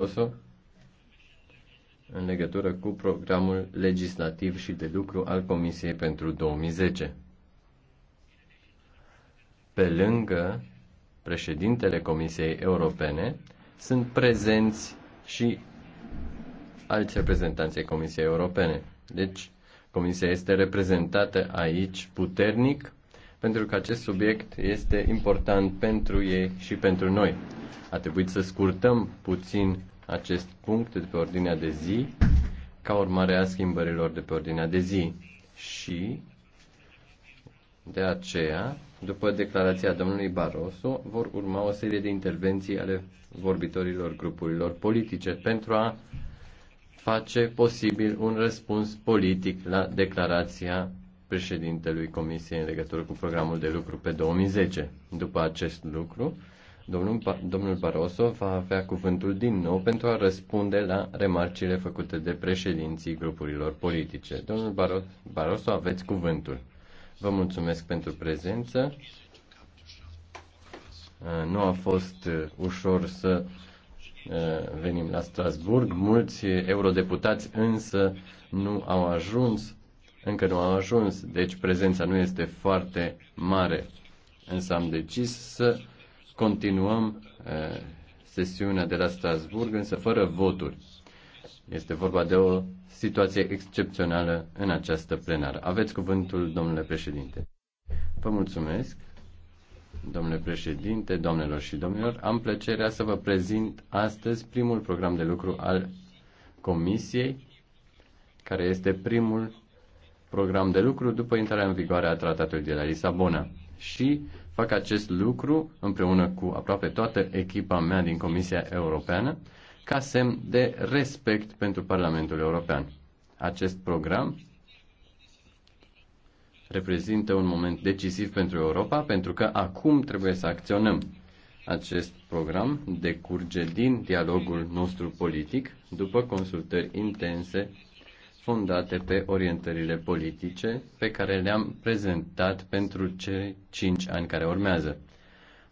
Barroso în legătură cu programul legislativ și de lucru al Comisiei pentru 2010. Pe lângă președintele Comisiei Europene, sunt prezenți și alți reprezentanți ai Comisiei Europene. Deci, Comisia este reprezentată aici puternic pentru că acest subiect este important pentru ei și pentru noi. A trebuit să scurtăm puțin acest punct de pe ordinea de zi ca urmare a schimbărilor de pe ordinea de zi. Și de aceea, după declarația domnului Barroso, vor urma o serie de intervenții ale vorbitorilor grupurilor politice pentru a face posibil un răspuns politic la declarația președintelui Comisiei în legătură cu programul de lucru pe 2010. După acest lucru, domnul, domnul Barroso va avea cuvântul din nou pentru a răspunde la remarcile făcute de președinții grupurilor politice. Domnul Barroso, aveți cuvântul. Vă mulțumesc pentru prezență. Uh, nu a fost uh, ușor să uh, venim la Strasburg. Mulți eurodeputați însă nu au ajuns încă nu au ajuns, deci prezența nu este foarte mare. Însă am decis să continuăm eh, sesiunea de la Strasburg, însă fără voturi. Este vorba de o situație excepțională în această plenară. Aveți cuvântul, domnule președinte. Vă mulțumesc, domnule președinte, domnilor și domnilor. Am plăcerea să vă prezint astăzi primul program de lucru al Comisiei, care este primul program de lucru după intrarea în vigoare a tratatului de la Lisabona și fac acest lucru împreună cu aproape toată echipa mea din Comisia Europeană ca semn de respect pentru Parlamentul European. Acest program reprezintă un moment decisiv pentru Europa pentru că acum trebuie să acționăm. Acest program decurge din dialogul nostru politic după consultări intense fondate pe orientările politice pe care le-am prezentat pentru cei cinci ani care urmează.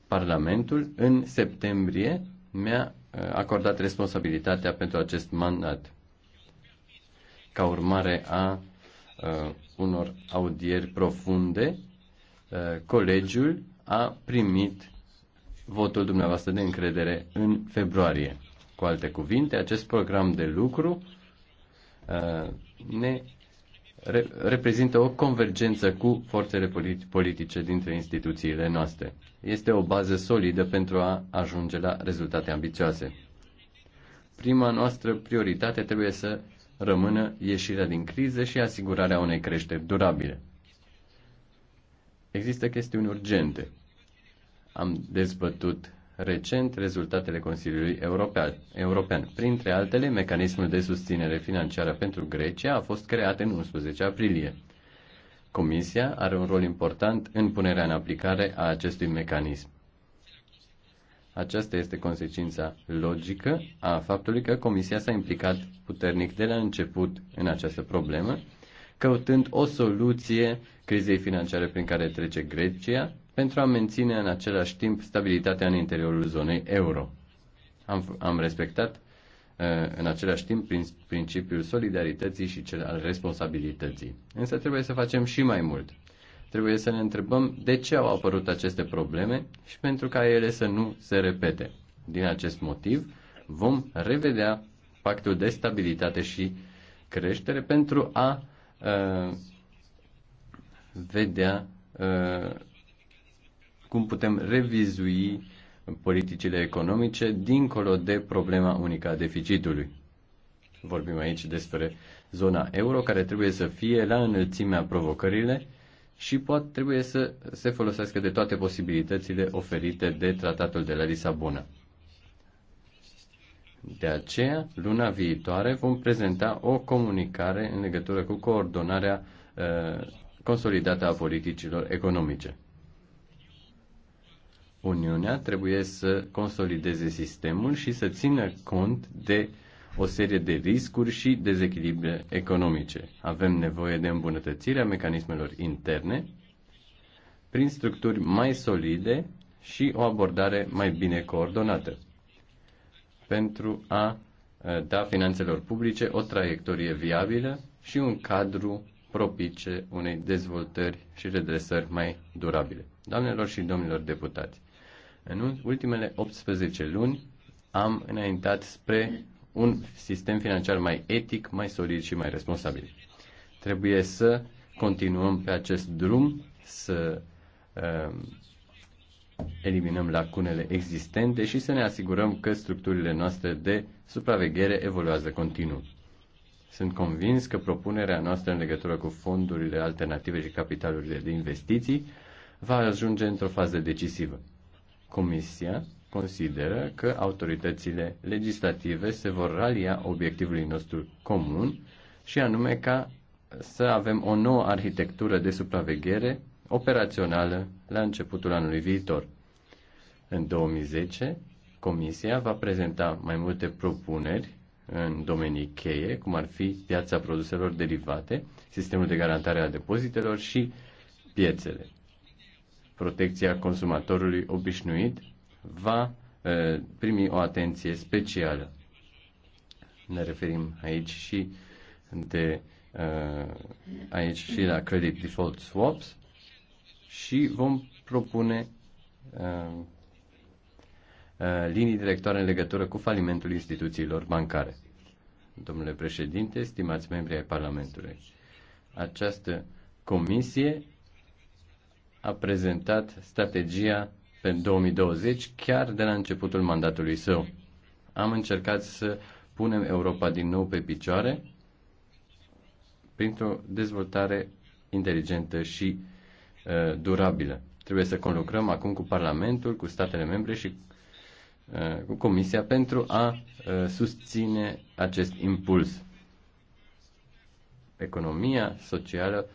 Parlamentul în septembrie mi-a uh, acordat responsabilitatea pentru acest mandat. Ca urmare a uh, unor audieri profunde, uh, colegiul a primit votul dumneavoastră de încredere în februarie. Cu alte cuvinte, acest program de lucru uh, ne re, reprezintă o convergență cu forțele politice dintre instituțiile noastre. Este o bază solidă pentru a ajunge la rezultate ambițioase. Prima noastră prioritate trebuie să rămână ieșirea din criză și asigurarea unei creșteri durabile. Există chestiuni urgente. Am dezbătut recent rezultatele Consiliului European. Printre altele, mecanismul de susținere financiară pentru Grecia a fost creat în 11 aprilie. Comisia are un rol important în punerea în aplicare a acestui mecanism. Aceasta este consecința logică a faptului că Comisia s-a implicat puternic de la început în această problemă, căutând o soluție crizei financiare prin care trece Grecia pentru a menține în același timp stabilitatea în interiorul zonei euro. Am, am respectat uh, în același timp prin principiul solidarității și cel al responsabilității. Însă trebuie să facem și mai mult. Trebuie să ne întrebăm de ce au apărut aceste probleme și pentru ca ele să nu se repete. Din acest motiv, vom revedea pactul de stabilitate și creștere pentru a uh, vedea uh, cum putem revizui politicile economice dincolo de problema unică a deficitului. Vorbim aici despre zona euro care trebuie să fie la înălțimea provocările și poate trebuie să se folosească de toate posibilitățile oferite de tratatul de la Lisabona. De aceea, luna viitoare vom prezenta o comunicare în legătură cu coordonarea uh, consolidată a politicilor economice. Uniunea trebuie să consolideze sistemul și să țină cont de o serie de riscuri și dezechilibre economice. Avem nevoie de îmbunătățirea mecanismelor interne prin structuri mai solide și o abordare mai bine coordonată pentru a da finanțelor publice o traiectorie viabilă și un cadru propice unei dezvoltări și redresări mai durabile. Doamnelor și domnilor deputați, în ultimele 18 luni am înaintat spre un sistem financiar mai etic, mai solid și mai responsabil. Trebuie să continuăm pe acest drum, să uh, eliminăm lacunele existente și să ne asigurăm că structurile noastre de supraveghere evoluează continuu. Sunt convins că propunerea noastră în legătură cu fondurile alternative și capitalurile de investiții va ajunge într-o fază decisivă. Comisia consideră că autoritățile legislative se vor ralia obiectivului nostru comun și anume ca să avem o nouă arhitectură de supraveghere operațională la începutul anului viitor. În 2010, Comisia va prezenta mai multe propuneri în domenii cheie, cum ar fi piața produselor derivate, sistemul de garantare a depozitelor și piețele protecția consumatorului obișnuit va primi o atenție specială. Ne referim aici și de aici și la credit default swaps și vom propune linii directoare în legătură cu falimentul instituțiilor bancare. Domnule președinte, stimați membri ai Parlamentului, această comisie a prezentat strategia pe 2020 chiar de la începutul mandatului său. Am încercat să punem Europa din nou pe picioare printr-o dezvoltare inteligentă și uh, durabilă. Trebuie să conlucrăm acum cu Parlamentul, cu statele membre și uh, cu Comisia pentru a uh, susține acest impuls. Economia socială uh,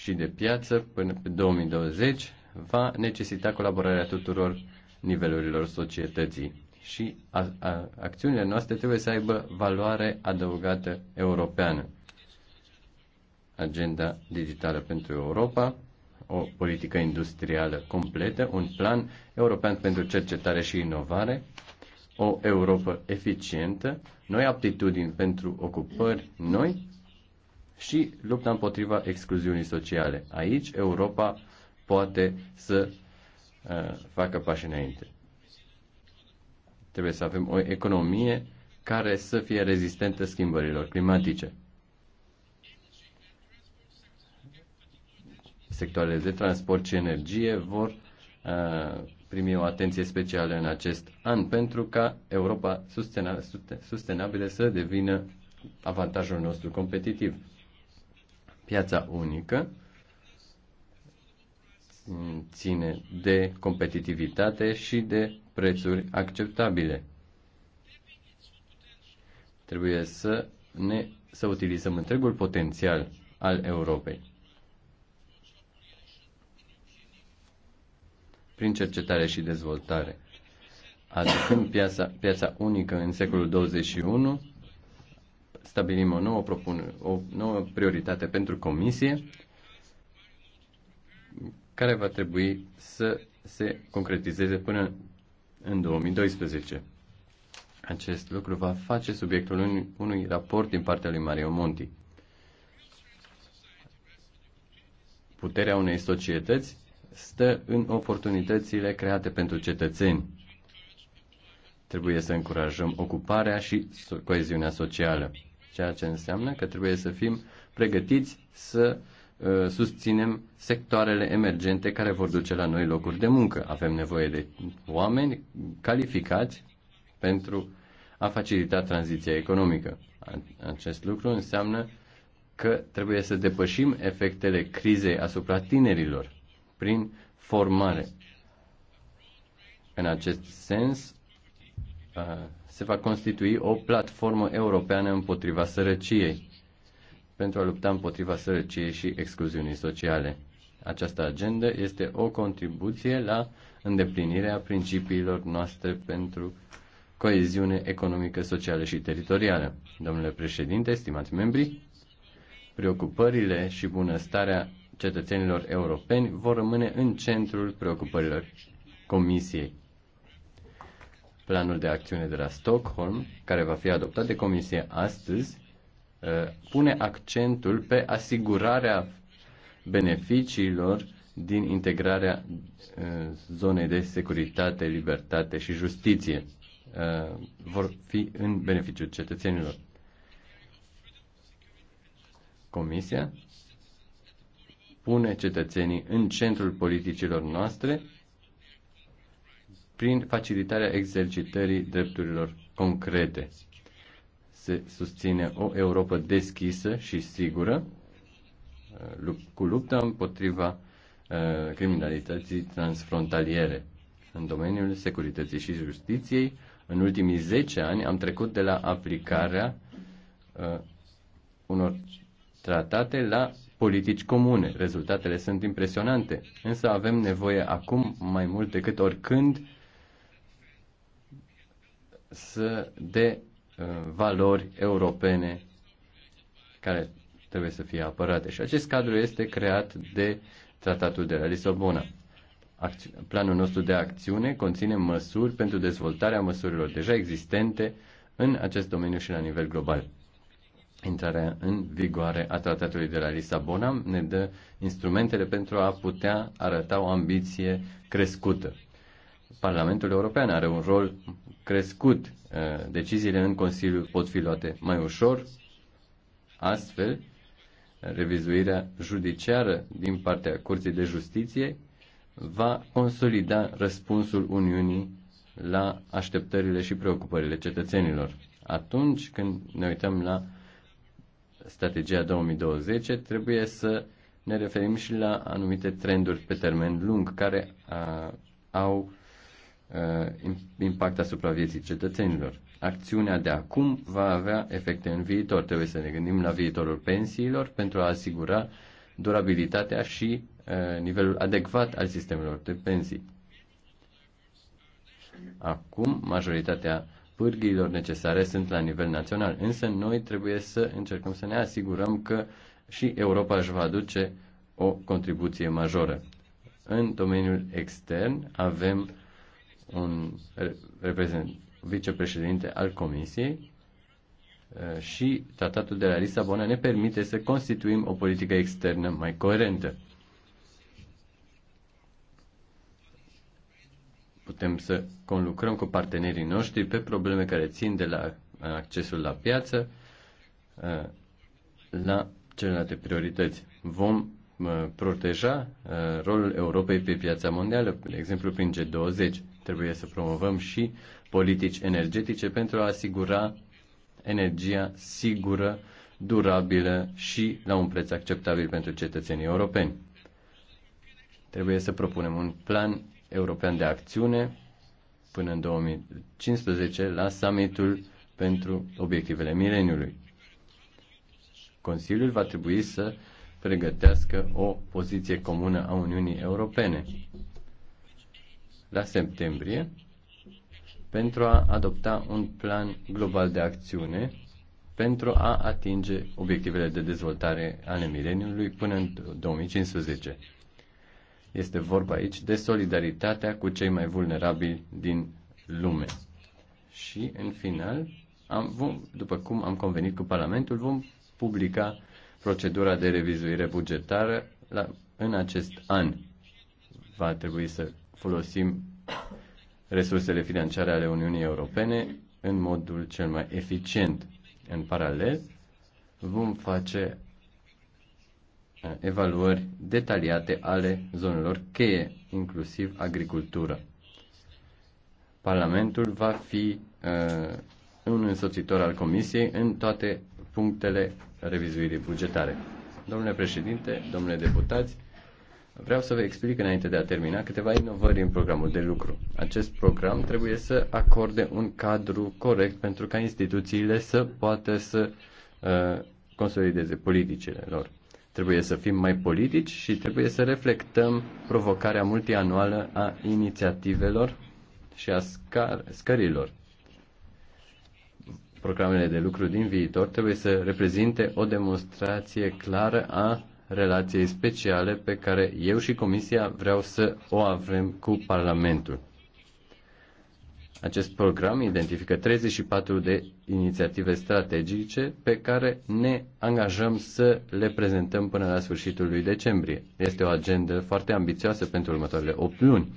și de piață până pe 2020 va necesita colaborarea tuturor nivelurilor societății și a, a, acțiunile noastre trebuie să aibă valoare adăugată europeană. Agenda digitală pentru Europa, o politică industrială completă, un plan european pentru cercetare și inovare, o Europa eficientă, noi aptitudini pentru ocupări noi și lupta împotriva excluziunii sociale. Aici Europa poate să uh, facă pași înainte. Trebuie să avem o economie care să fie rezistentă schimbărilor climatice. Sectoarele de transport și energie vor uh, primi o atenție specială în acest an pentru ca Europa sustenabilă să devină avantajul nostru competitiv. Piața unică ține de competitivitate și de prețuri acceptabile. Trebuie să ne să utilizăm întregul potențial al Europei. Prin cercetare și dezvoltare. Aducând piața, piața unică în secolul 21, stabilim o nouă, propun, o nouă prioritate pentru comisie care va trebui să se concretizeze până în 2012. Acest lucru va face subiectul unui, unui raport din partea lui Mario Monti. Puterea unei societăți stă în oportunitățile create pentru cetățeni. Trebuie să încurajăm ocuparea și coeziunea socială ceea ce înseamnă că trebuie să fim pregătiți să uh, susținem sectoarele emergente care vor duce la noi locuri de muncă. Avem nevoie de oameni calificați pentru a facilita tranziția economică. Acest lucru înseamnă că trebuie să depășim efectele crizei asupra tinerilor prin formare. În acest sens, uh, se va constitui o platformă europeană împotriva sărăciei, pentru a lupta împotriva sărăciei și excluziunii sociale. Această agendă este o contribuție la îndeplinirea principiilor noastre pentru coeziune economică, socială și teritorială. Domnule președinte, stimați membri, preocupările și bunăstarea cetățenilor europeni vor rămâne în centrul preocupărilor Comisiei. Planul de acțiune de la Stockholm, care va fi adoptat de Comisie astăzi, uh, pune accentul pe asigurarea beneficiilor din integrarea uh, zonei de securitate, libertate și justiție uh, vor fi în beneficiul cetățenilor. Comisia pune cetățenii în centrul politicilor noastre prin facilitarea exercitării drepturilor concrete. Se susține o Europa deschisă și sigură uh, cu lupta împotriva uh, criminalității transfrontaliere. În domeniul securității și justiției, în ultimii 10 ani am trecut de la aplicarea uh, unor tratate la politici comune. Rezultatele sunt impresionante, însă avem nevoie acum mai mult decât oricând să de uh, valori europene care trebuie să fie apărate. Și acest cadru este creat de Tratatul de la Lisabona. Planul nostru de acțiune conține măsuri pentru dezvoltarea măsurilor deja existente în acest domeniu și la nivel global. Intrarea în vigoare a Tratatului de la Lisabona ne dă instrumentele pentru a putea arăta o ambiție crescută. Parlamentul European are un rol crescut. Eh, deciziile în Consiliu pot fi luate mai ușor. Astfel, revizuirea judiciară din partea Curții de Justiție va consolida răspunsul Uniunii la așteptările și preocupările cetățenilor. Atunci când ne uităm la strategia 2020, trebuie să ne referim și la anumite trenduri pe termen lung care a, au Uh, impact asupra vieții cetățenilor. Acțiunea de acum va avea efecte în viitor. Trebuie să ne gândim la viitorul pensiilor pentru a asigura durabilitatea și uh, nivelul adecvat al sistemelor de pensii. Acum, majoritatea pârghiilor necesare sunt la nivel național, însă noi trebuie să încercăm să ne asigurăm că și Europa își va aduce o contribuție majoră. În domeniul extern avem un vicepreședinte al Comisiei și tratatul de la Lisabona ne permite să constituim o politică externă mai coerentă. Putem să conlucrăm cu partenerii noștri pe probleme care țin de la accesul la piață la celelalte priorități. Vom proteja rolul Europei pe piața mondială, de exemplu prin G20 Trebuie să promovăm și politici energetice pentru a asigura energia sigură, durabilă și la un preț acceptabil pentru cetățenii europeni. Trebuie să propunem un plan european de acțiune până în 2015 la summitul pentru obiectivele mileniului. Consiliul va trebui să pregătească o poziție comună a Uniunii Europene la septembrie pentru a adopta un plan global de acțiune pentru a atinge obiectivele de dezvoltare ale mileniului până în 2015. Este vorba aici de solidaritatea cu cei mai vulnerabili din lume. Și, în final, am, vom, după cum am convenit cu Parlamentul, vom publica procedura de revizuire bugetară la, în acest an. Va trebui să folosim resursele financiare ale Uniunii Europene în modul cel mai eficient. În paralel, vom face uh, evaluări detaliate ale zonelor cheie, inclusiv agricultură. Parlamentul va fi uh, un însoțitor al Comisiei în toate punctele revizuirii bugetare. Domnule președinte, domnule deputați, Vreau să vă explic înainte de a termina câteva inovări în programul de lucru. Acest program trebuie să acorde un cadru corect pentru ca instituțiile să poată să uh, consolideze politicile lor. Trebuie să fim mai politici și trebuie să reflectăm provocarea multianuală a inițiativelor și a scar- scărilor. Programele de lucru din viitor trebuie să reprezinte o demonstrație clară a relației speciale pe care eu și Comisia vreau să o avem cu Parlamentul. Acest program identifică 34 de inițiative strategice pe care ne angajăm să le prezentăm până la sfârșitul lui decembrie. Este o agendă foarte ambițioasă pentru următoarele 8 luni.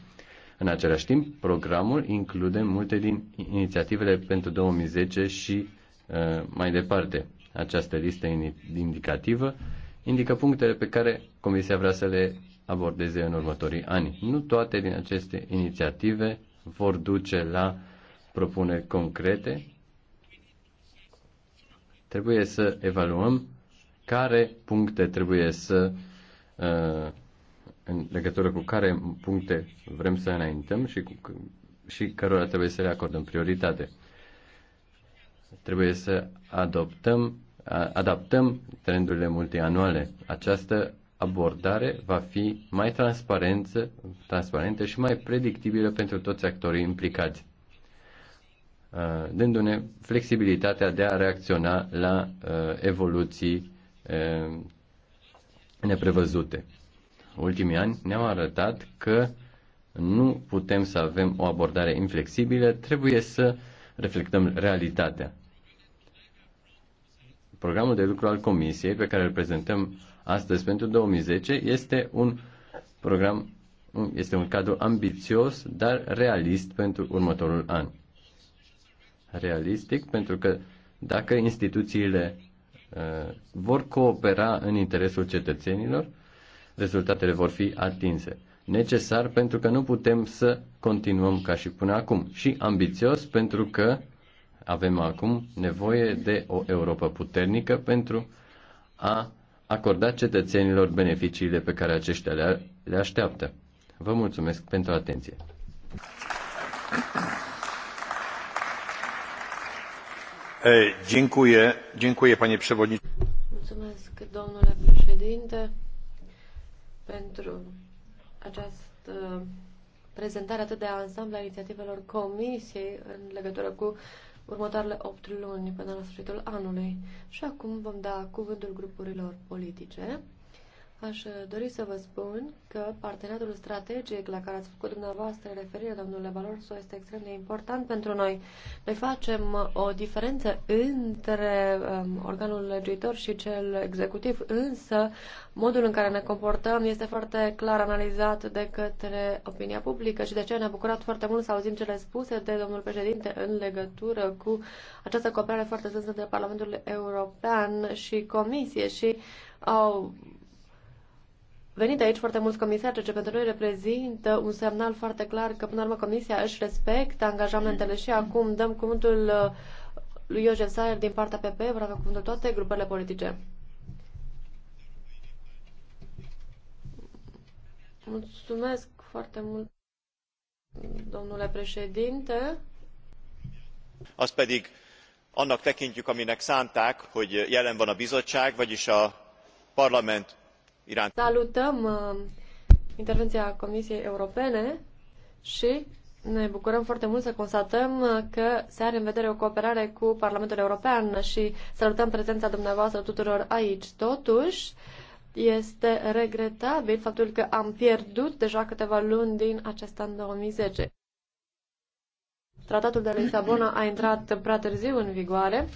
În același timp, programul include multe din inițiativele pentru 2010 și uh, mai departe. Această listă indicativă indică punctele pe care Comisia vrea să le abordeze în următorii ani. Nu toate din aceste inițiative vor duce la propuneri concrete. Trebuie să evaluăm care puncte trebuie să uh, în legătură cu care puncte vrem să înaintăm și, cu, și cărora trebuie să le acordăm prioritate. Trebuie să adoptăm adaptăm trendurile multianuale. Această abordare va fi mai transparentă, transparentă și mai predictibilă pentru toți actorii implicați, dându-ne flexibilitatea de a reacționa la evoluții neprevăzute. Ultimii ani ne-au arătat că nu putem să avem o abordare inflexibilă, trebuie să reflectăm realitatea. Programul de lucru al Comisiei pe care îl prezentăm astăzi pentru 2010 este un program, este un cadru ambițios, dar realist pentru următorul an. Realistic pentru că dacă instituțiile uh, vor coopera în interesul cetățenilor, rezultatele vor fi atinse. Necesar pentru că nu putem să continuăm ca și până acum și ambițios pentru că avem acum nevoie de o Europa puternică pentru a acorda cetățenilor beneficiile pe care aceștia le, le așteaptă. Vă mulțumesc pentru atenție. Mulțumesc, domnule președinte, pentru această prezentare atât de ansamblu a inițiativelor Comisiei în legătură cu următoarele 8 luni până la sfârșitul anului. Și acum vom da cuvântul grupurilor politice. Aș dori să vă spun că partenerul strategic la care ați făcut dumneavoastră referire, domnule Valorso, este extrem de important pentru noi. Noi facem o diferență între um, organul legiuitor și cel executiv, însă modul în care ne comportăm este foarte clar analizat de către opinia publică și de aceea ne-a bucurat foarte mult să auzim cele spuse de domnul președinte în legătură cu această cooperare foarte strânsă între Parlamentul European și Comisie și au venit aici foarte mulți comisari, ceea ce pentru noi reprezintă un semnal foarte clar că, până la urmă, Comisia își respectă angajamentele și acum dăm cuvântul uh, lui Iosef Saier din partea PP, vor avea cuvântul toate grupele politice. Mulțumesc foarte mult, domnule președinte. Azt pedig annak tekintjük, aminek szánták, hogy jelen van a bizottság, vagyis a parlament Iran. Salutăm uh, intervenția Comisiei Europene și ne bucurăm foarte mult să constatăm uh, că se are în vedere o cooperare cu Parlamentul European și salutăm prezența dumneavoastră tuturor aici. Totuși, este regretabil faptul că am pierdut deja câteva luni din acest an 2010. Tratatul de Lisabona a intrat prea târziu în vigoare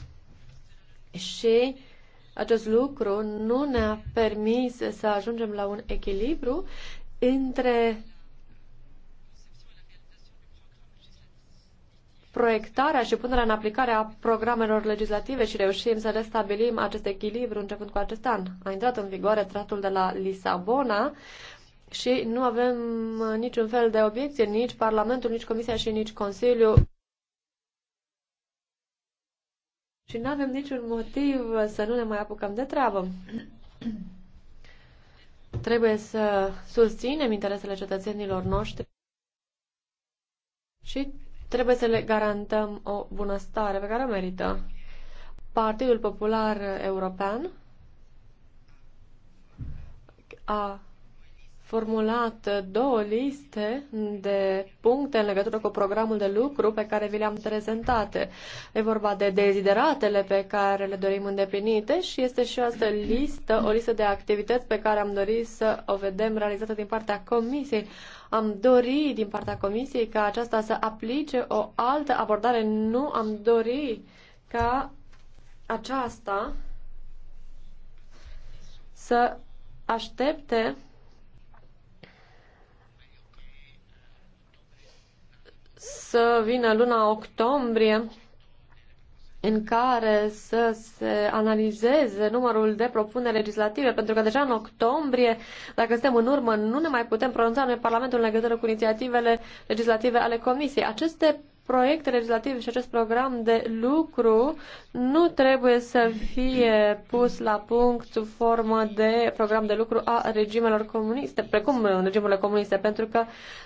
și acest lucru nu ne-a permis să ajungem la un echilibru între proiectarea și punerea în aplicare a programelor legislative și reușim să restabilim acest echilibru începând cu acest an. A intrat în vigoare tratul de la Lisabona și nu avem niciun fel de obiecție, nici Parlamentul, nici Comisia și nici Consiliul și nu avem niciun motiv să nu ne mai apucăm de treabă. Trebuie să susținem interesele cetățenilor noștri și trebuie să le garantăm o bunăstare pe care o merită. Partidul Popular European a formulat două liste de puncte în legătură cu programul de lucru pe care vi le-am prezentate. E vorba de dezideratele pe care le dorim îndeplinite și este și o altă listă, o listă de activități pe care am dorit să o vedem realizată din partea Comisiei. Am dorit din partea Comisiei ca aceasta să aplice o altă abordare. Nu am dorit ca aceasta să aștepte să vină luna octombrie în care să se analizeze numărul de propuneri legislative, pentru că deja în octombrie, dacă suntem în urmă, nu ne mai putem pronunța noi Parlamentul în legătură cu inițiativele legislative ale Comisiei. Aceste proiect legislativ și acest program de lucru nu trebuie să fie pus la punct sub formă de program de lucru a regimelor comuniste, precum în regimurile comuniste, pentru că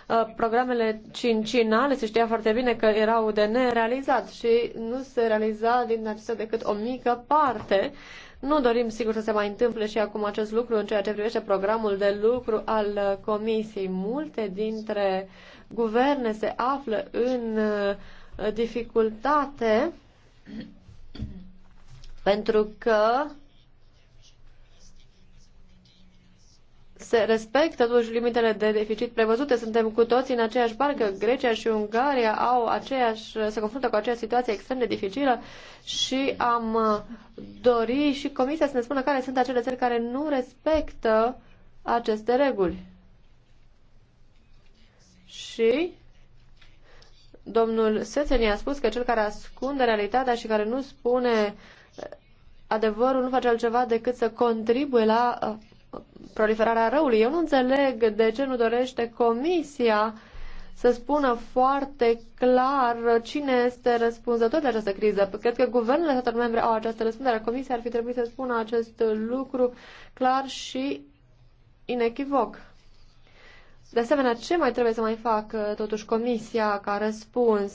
uh, programele cincinale se știa foarte bine că erau de nerealizat și nu se realiza din acestea decât o mică parte nu dorim, sigur, să se mai întâmple și acum acest lucru în ceea ce privește programul de lucru al Comisiei. Multe dintre guverne se află în uh, dificultate pentru că se respectă totuși limitele de deficit prevăzute. Suntem cu toții în aceeași barcă. Grecia și Ungaria au aceeași, se confruntă cu aceeași situație extrem de dificilă și am uh, dori și Comisia să ne spună care sunt acele țări care nu respectă aceste reguli. Și domnul Sețeni a spus că cel care ascunde realitatea și care nu spune adevărul nu face altceva decât să contribuie la uh, proliferarea răului. Eu nu înțeleg de ce nu dorește Comisia să spună foarte clar cine este răspunzător de această criză. Cred că guvernele statelor membre au această răspundere. Comisia ar fi trebuit să spună acest lucru clar și inechivoc. De asemenea, ce mai trebuie să mai fac totuși comisia ca răspuns?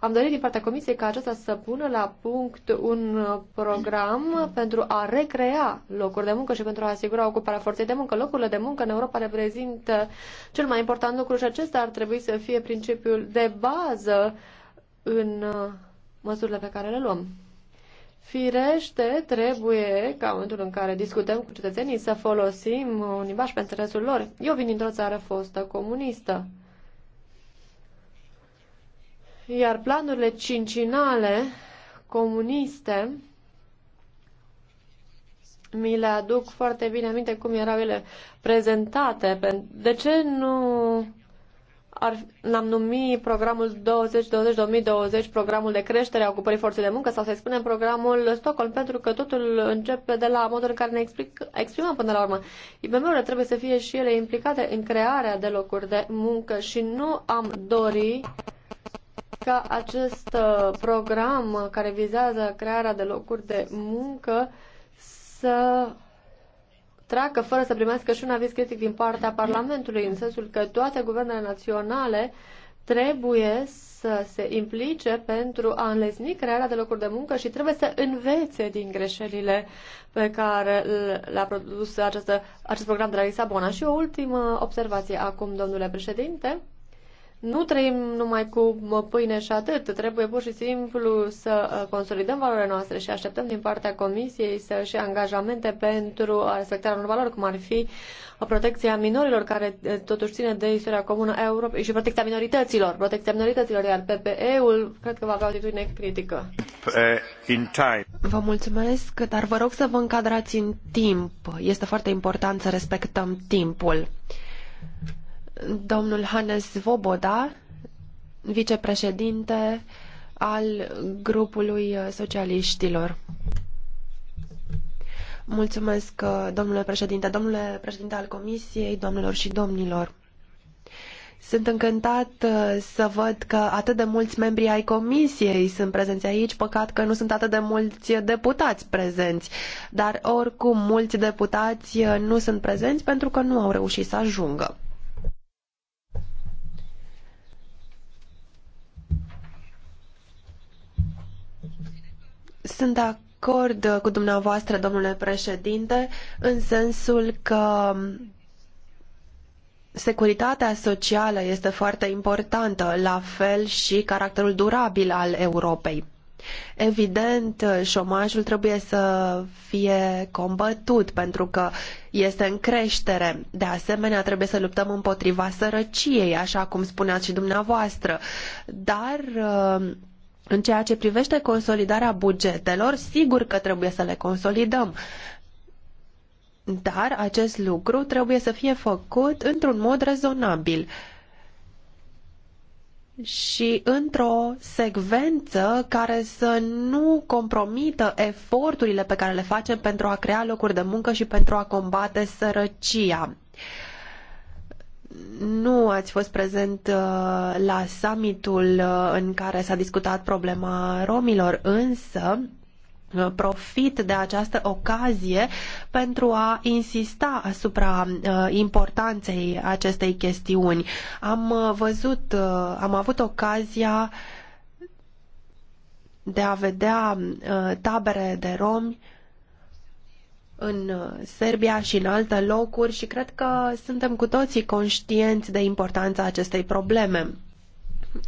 Am dorit din partea comisiei ca aceasta să pună la punct un program pentru a recrea locuri de muncă și pentru a asigura ocuparea forței de muncă. Locurile de muncă în Europa reprezintă cel mai important lucru și acesta ar trebui să fie principiul de bază în uh, măsurile pe care le luăm. Firește, trebuie ca în momentul în care discutăm cu cetățenii să folosim un limbaj pentru interesul lor. Eu vin dintr-o țară fostă comunistă. Iar planurile cincinale comuniste mi le aduc foarte bine aminte cum erau ele prezentate. De ce nu l-am numit programul 2020-2020, programul de creștere a ocupării forței de muncă sau să-i spunem programul Stockholm, pentru că totul începe de la modul în care ne explic, exprimăm până la urmă. IBM-urile trebuie să fie și ele implicate în crearea de locuri de muncă și nu am dori ca acest uh, program care vizează crearea de locuri de muncă să treacă fără să primească și un aviz critic din partea Parlamentului, în sensul că toate guvernele naționale trebuie să se implice pentru a înlesni crearea de locuri de muncă și trebuie să învețe din greșelile pe care le-a produs acest acest program de la Lisabona. Și o ultimă observație acum, domnule președinte nu trăim numai cu pâine și atât, trebuie pur și simplu să uh, consolidăm valorile noastre și așteptăm din partea Comisiei să și angajamente pentru respectarea unor valori, cum ar fi uh, protecția minorilor, care uh, totuși ține de istoria comună a Europei și protecția minorităților. Protecția minorităților, iar PPE-ul cred că va avea o atitudine critică. In time. Vă mulțumesc, dar vă rog să vă încadrați în timp. Este foarte important să respectăm timpul domnul Hannes Svoboda, vicepreședinte al grupului socialiștilor. Mulțumesc, uh, domnule președinte, domnule președinte al Comisiei, domnilor și domnilor. Sunt încântat uh, să văd că atât de mulți membri ai comisiei sunt prezenți aici, păcat că nu sunt atât de mulți deputați prezenți, dar oricum mulți deputați uh, nu sunt prezenți pentru că nu au reușit să ajungă. Sunt de acord uh, cu dumneavoastră, domnule președinte, în sensul că um, securitatea socială este foarte importantă, la fel și caracterul durabil al Europei. Evident, uh, șomajul trebuie să fie combătut pentru că este în creștere. De asemenea, trebuie să luptăm împotriva sărăciei, așa cum spuneați și dumneavoastră. Dar uh, în ceea ce privește consolidarea bugetelor, sigur că trebuie să le consolidăm. Dar acest lucru trebuie să fie făcut într-un mod rezonabil și într-o secvență care să nu compromită eforturile pe care le facem pentru a crea locuri de muncă și pentru a combate sărăcia nu ați fost prezent uh, la summitul uh, în care s-a discutat problema romilor, însă uh, profit de această ocazie pentru a insista asupra importanței acestei chestiuni. Am văzut, am avut ocazia de a vedea tabere de romi în uh, Serbia și în alte locuri și cred că suntem cu toții conștienți de importanța acestei probleme.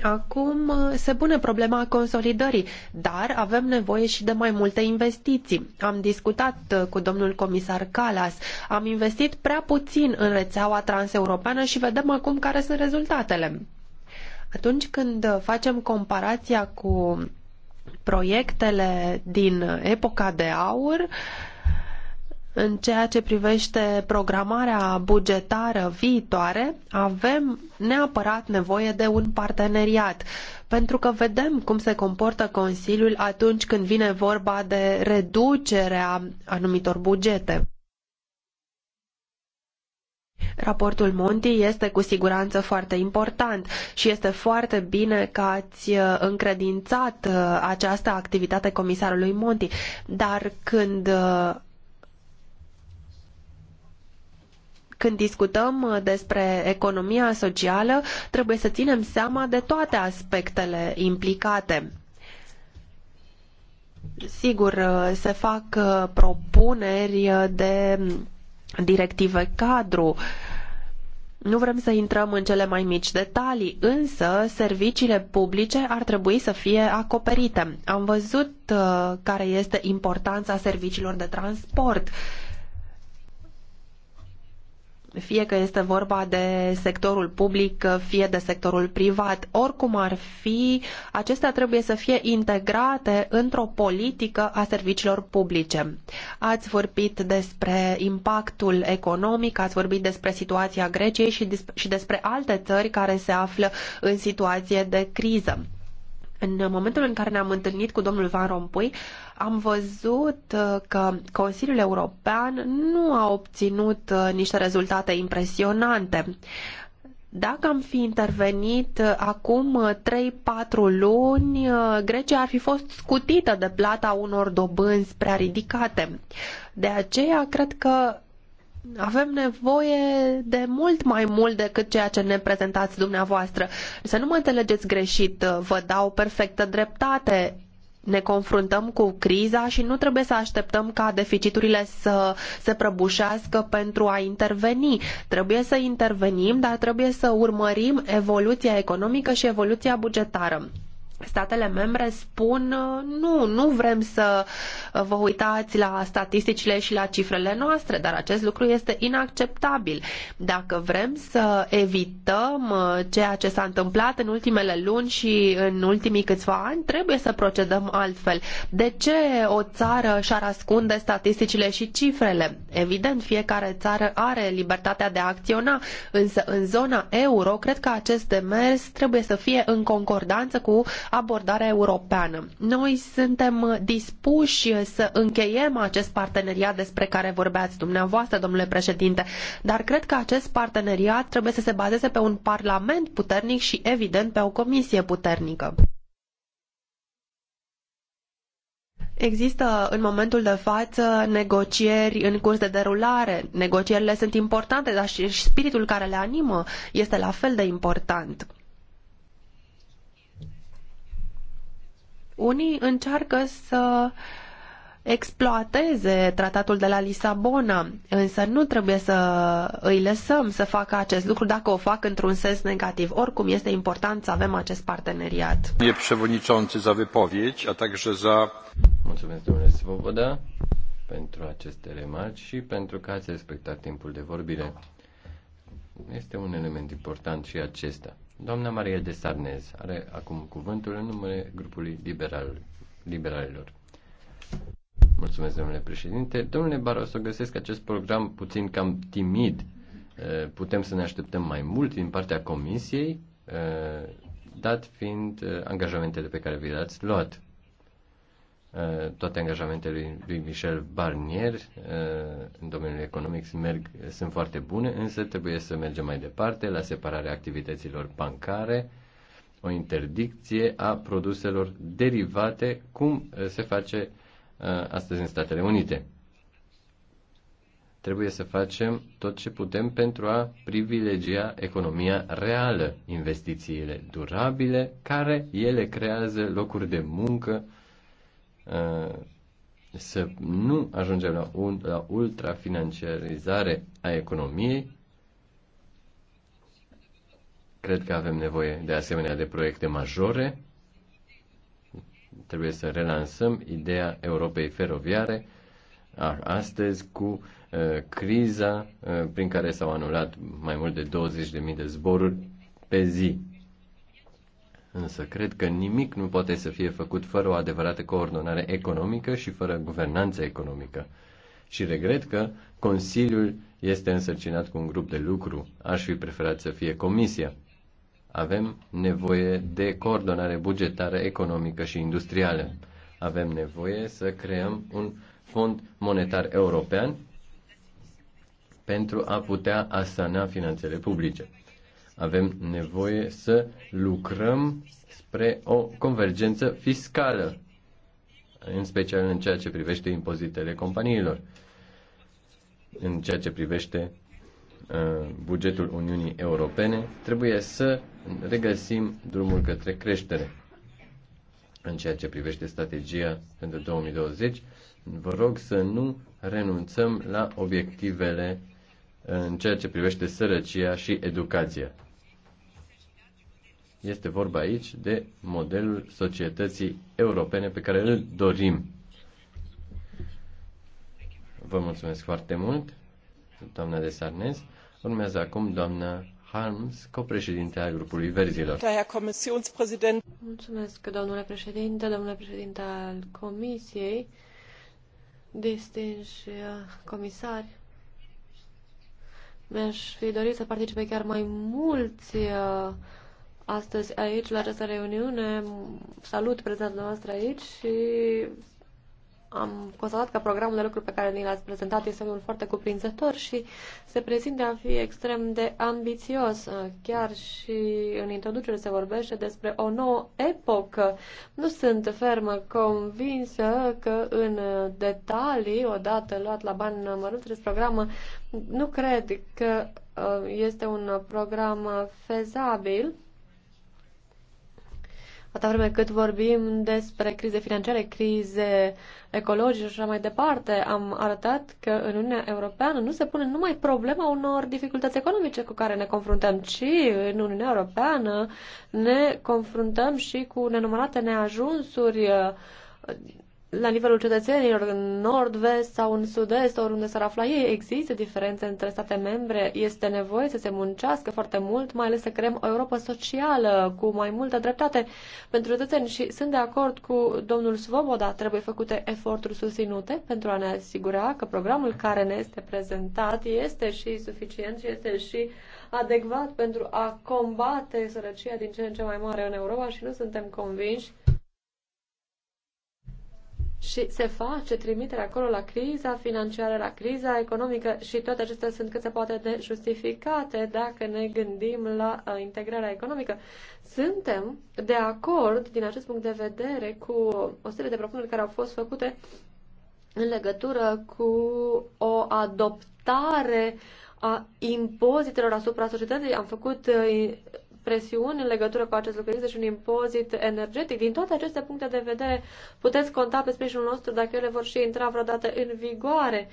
Acum uh, se pune problema consolidării, dar avem nevoie și de mai multe investiții. Am discutat uh, cu domnul comisar Kallas, am investit prea puțin în rețeaua transeuropeană și vedem acum care sunt rezultatele. Atunci când facem comparația cu proiectele din epoca de aur, în ceea ce privește programarea bugetară viitoare, avem neapărat nevoie de un parteneriat, pentru că vedem cum se comportă Consiliul atunci când vine vorba de reducerea anumitor bugete. Raportul Monti este cu siguranță foarte important și este foarte bine că ați uh, încredințat uh, această activitate comisarului Monti, dar când uh, Când discutăm uh, despre economia socială, trebuie să ținem seama de toate aspectele implicate. Sigur, uh, se fac uh, propuneri de mm, directive cadru. Nu vrem să intrăm în cele mai mici detalii, însă serviciile publice ar trebui să fie acoperite. Am văzut care este importanța serviciilor de transport. Uh, fie că este vorba de sectorul public, fie de sectorul privat. Oricum ar fi, acestea trebuie să fie integrate într-o politică a serviciilor publice. Ați vorbit despre impactul economic, ați vorbit despre situația Greciei și despre alte țări care se află în situație de criză. În momentul în care ne-am întâlnit cu domnul Van Rompuy, am văzut uh, că Consiliul European nu a obținut uh, niște rezultate impresionante. Dacă am fi intervenit uh, acum 3-4 luni, Grecia ar fi fost scutită de plata unor dobânzi prea ridicate. De aceea, cred că avem nevoie de mult mai mult decât ceea ce ne prezentați dumneavoastră. Să nu mă înțelegeți greșit, vă dau perfectă dreptate. Ne confruntăm cu criza și nu trebuie să așteptăm ca deficiturile să se prăbușească pentru a interveni. Trebuie să intervenim, dar trebuie să urmărim evoluția economică și evoluția bugetară statele membre spun nu, nu vrem să vă uitați la statisticile și la cifrele noastre, dar acest lucru este inacceptabil. Dacă vrem să evităm uh, ceea ce s-a întâmplat în ultimele luni și în ultimii câțiva ani, trebuie să procedăm altfel. De ce o țară și-ar ascunde statisticile și cifrele? Evident, fiecare țară are libertatea de a acționa, însă în zona euro, cred că acest demers trebuie să fie în concordanță cu abordare europeană. Noi suntem dispuși să încheiem acest parteneriat despre care vorbeați dumneavoastră, domnule președinte, dar cred că acest parteneriat trebuie să se bazeze pe un parlament puternic și, evident, pe o comisie puternică. Există în momentul de față negocieri în curs de derulare. Negocierile sunt importante, dar și spiritul care le animă este la fel de important. Unii încearcă să exploateze tratatul de la Lisabona, însă nu trebuie să îi lăsăm să facă acest lucru dacă o fac într-un sens negativ. Oricum este important să avem acest parteneriat. Mulțumesc, domnule Svoboda, pentru aceste remarci și pentru că ați respectat timpul de vorbire. Este un element important și acesta. Doamna Maria de Sarnez are acum cuvântul în numele grupului liberal, liberalilor. Mulțumesc, domnule președinte. Domnule Barroso, găsesc acest program puțin cam timid. Eh, putem să ne așteptăm mai mult din partea Comisiei, eh, dat fiind eh, angajamentele pe care vi le-ați luat. Eh, toate angajamentele lui Michel Barnier eh, în domeniul economic merg, sunt foarte bune, însă trebuie să mergem mai departe la separarea activităților bancare, o interdicție a produselor derivate, cum eh, se face astăzi în Statele Unite. Trebuie să facem tot ce putem pentru a privilegia economia reală, investițiile durabile, care ele creează locuri de muncă, Uh, să nu ajungem la, un, la ultrafinanciarizare a economiei. Cred că avem nevoie de asemenea de proiecte majore. Trebuie să relansăm ideea Europei feroviare astăzi cu uh, criza uh, prin care s-au anulat mai mult de 20.000 de zboruri pe zi Însă cred că nimic nu poate să fie făcut fără o adevărată coordonare economică și fără guvernanță economică. Și regret că Consiliul este însărcinat cu un grup de lucru. Aș fi preferat să fie Comisia. Avem nevoie de coordonare bugetară, economică și industrială. Avem nevoie să creăm un fond monetar european pentru a putea asana finanțele publice. Avem nevoie să lucrăm spre o convergență fiscală, în special în ceea ce privește impozitele companiilor, în ceea ce privește uh, bugetul Uniunii Europene, trebuie să regăsim drumul către creștere. În ceea ce privește strategia pentru 2020, vă rog să nu renunțăm la obiectivele uh, în ceea ce privește sărăcia și educația. Este vorba aici de modelul societății europene pe care îl dorim. Vă mulțumesc foarte mult, doamna de Sarnez. Urmează acum doamna Harms, copreședinte a grupului Verzilor. Mulțumesc, domnule președinte, domnule președinte al Comisiei, distinși uh, comisari. Mi-aș fi dorit să participe chiar mai mulți uh, astăzi aici, la această reuniune. Salut prezența noastră aici și am constatat că programul de lucru pe care ni l-ați prezentat este unul foarte cuprinzător și se prezinte a fi extrem de ambițios. Chiar și în introducere se vorbește despre o nouă epocă. Nu sunt fermă convinsă că în detalii, odată luat la bani mărunți despre program, nu cred că uh, este un program fezabil atâta vreme cât vorbim despre crize financiare, crize ecologice și așa mai departe, am arătat că în Uniunea Europeană nu se pune numai problema unor dificultăți economice cu care ne confruntăm, ci în Uniunea Europeană ne confruntăm și cu nenumărate neajunsuri la nivelul cetățenilor în nord, vest sau în sud-est, oriunde s-ar afla ei, există diferențe între state membre. Este nevoie să se muncească foarte mult, mai ales să creăm o Europa socială cu mai multă dreptate pentru cetățeni și sunt de acord cu domnul Svoboda, trebuie făcute eforturi susținute pentru a ne asigura că programul care ne este prezentat este și suficient și este și adecvat pentru a combate sărăcia din ce în ce mai mare în Europa și nu suntem convinși și se face trimiterea acolo la criza financiară, la criza economică și toate acestea sunt cât se poate de justificate dacă ne gândim la uh, integrarea economică. Suntem de acord din acest punct de vedere cu o serie de propuneri care au fost făcute în legătură cu o adoptare a impozitelor asupra societății. Am făcut uh, presiuni în legătură cu acest lucru, există și un impozit energetic. Din toate aceste puncte de vedere, puteți conta pe sprijinul nostru dacă ele vor și intra vreodată în vigoare.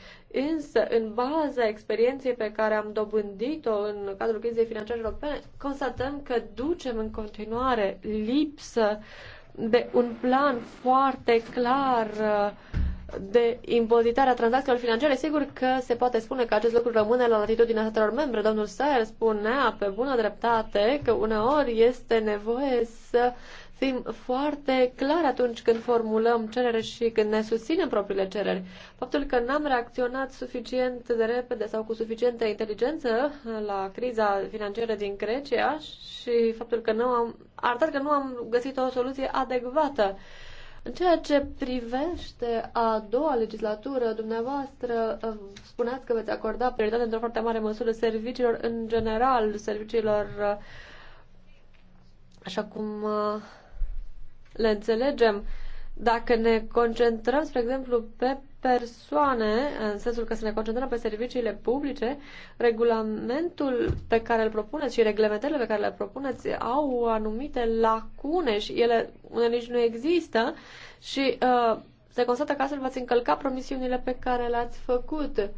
Însă, în baza experienței pe care am dobândit-o în cadrul crizei financiare europene, constatăm că ducem în continuare lipsă de un plan foarte clar uh, de impozitare a tranzacțiilor financiare, sigur că se poate spune că acest lucru rămâne la latitudinea statelor membre. Domnul Sayer spunea pe bună dreptate că uneori este nevoie să fim foarte clar atunci când formulăm cerere și când ne susținem propriile cereri. Faptul că n-am reacționat suficient de repede sau cu suficientă inteligență la criza financiară din Grecia și faptul că nu am arătat că nu am găsit o soluție adecvată în ceea ce privește a doua legislatură, dumneavoastră uh, spuneați că veți acorda prioritate într-o foarte mare măsură serviciilor în general, serviciilor uh, așa cum uh, le înțelegem. Dacă ne concentrăm, spre exemplu, pe persoane, în sensul că să ne concentrăm pe serviciile publice, regulamentul pe care îl propuneți și reglementările pe care le propuneți au anumite lacune și ele unele nici nu există și uh, se constată că astfel v-ați încălca promisiunile pe care le-ați făcut.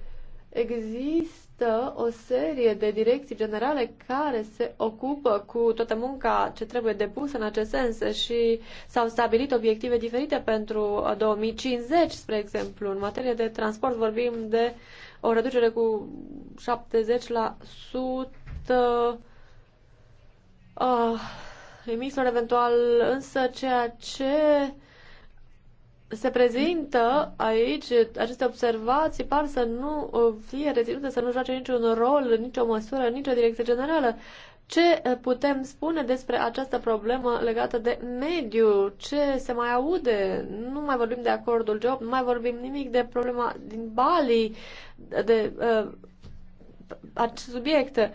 Există există o serie de direcții generale care se ocupă cu toată munca ce trebuie depusă în acest sens și s-au stabilit obiective diferite pentru 2050, spre exemplu. În materie de transport vorbim de o reducere cu 70% la uh, emisiilor eventual, însă ceea ce se prezintă aici, aceste observații par să nu uh, fie reținute, să nu joace niciun rol, nicio măsură, nicio direcție generală. Ce uh, putem spune despre această problemă legată de mediu? Ce se mai aude? Nu mai vorbim de acordul job, nu mai vorbim nimic de problema din Bali, de uh, acest subiect.